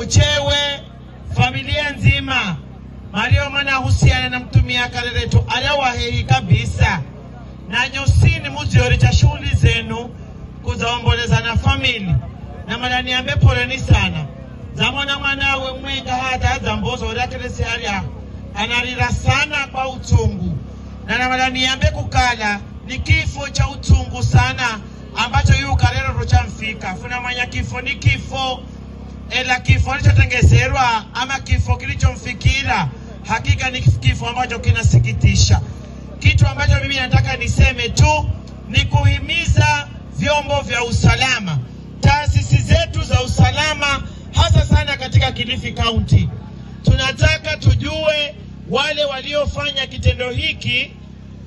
uchewe familia nzima mario mwana husiana na mtumia kaleretu alawahehi kabisa na sini muziori cha shughuli zenu kuzaomboleza na famili na malaniambe poleni sana zamona mwanawe mwenga hata dzambozoorakeresiarya analira sana kwa utungu na namalaniambe kukala ni kifo cha utungu sana ambacho yukarero chamfika funa manya kifo ni kifo ila eh, kifo alichotengezerwa ama kifo kilichomfikira hakika ni kifo ambacho kinasikitisha. Kitu ambacho mimi nataka niseme tu ni kuhimiza vyombo vya usalama, taasisi zetu za usalama, hasa sana katika Kilifi County. Tunataka tujue wale waliofanya kitendo hiki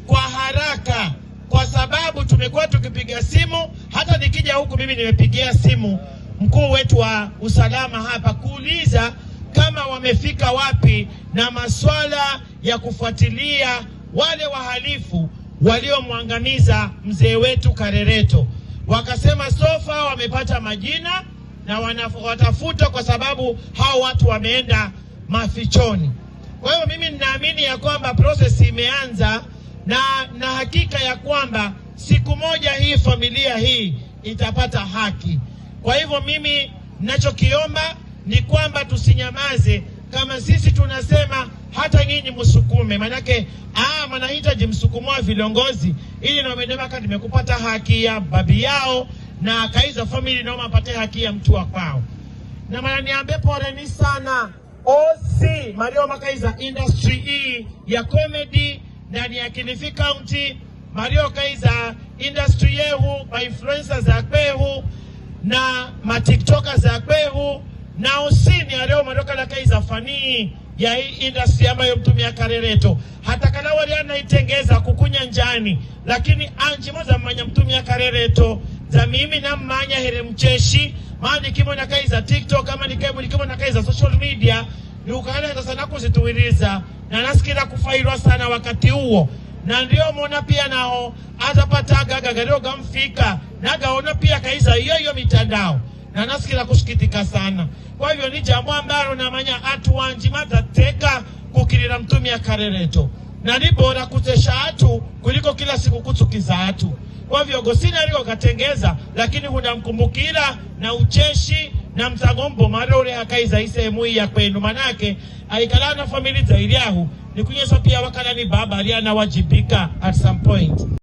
kwa haraka, kwa sababu tumekuwa tukipiga simu. Hata nikija huku mimi nimepigia simu mkuu wetu wa usalama hapa kuuliza kama wamefika wapi na masuala ya kufuatilia wale wahalifu waliomwangamiza mzee wetu Karereto. Wakasema sofa wamepata majina na wanawatafuta kwa sababu hao watu wameenda mafichoni. Kwa hiyo mimi ninaamini ya kwamba proses imeanza na na hakika ya kwamba siku moja hii familia hii itapata haki. Kwa hivyo mimi ninachokiomba ni kwamba tusinyamaze, kama sisi tunasema hata nyinyi msukume, maanake ah, mnahitaji msukumua viongozi ili na Democrat imekupata haki ya babi yao na Kaiza family naomba apate haki ya mtu wa kwao, na niambe pole ni sana OC Mario Makaiza industry hii e ya comedy ndani ya Kilifi County. Mario Kaiza industry yehu, by influencers akwehu na matiktoka za kwehu na usini aleo madoka la za fanii ya hii industry ambayo mtumia karereto hata kana wali anaitengeza kukunya njani lakini anji moza mmanya mtumia karereto za mimi na mmanya here mcheshi maana kimo na kai za tiktok ama ni kaimu kimo na za social media ni ukana sana kuzituwiriza na nasikila kufairwa sana wakati huo na ndio mona pia nao azapataga gagalio gamfika nagaona pia kaiza hiyo hiyo mitandao na nasikira kushikitika sana. Kwa hivyo ni jambo ambalo namanya atu wanji matateka kukirira mtumia karereto na ni bora kutesha atu kuliko kila siku kutsukiza atu. Kwa hivyo gosina aliko katengeza, lakini hunamkumbukira na ucheshi na msagombo ule akaiza isehemu ya kwenu manake aikala na za iliahu ni kunyesa pia wakala ni baba wajibika at some point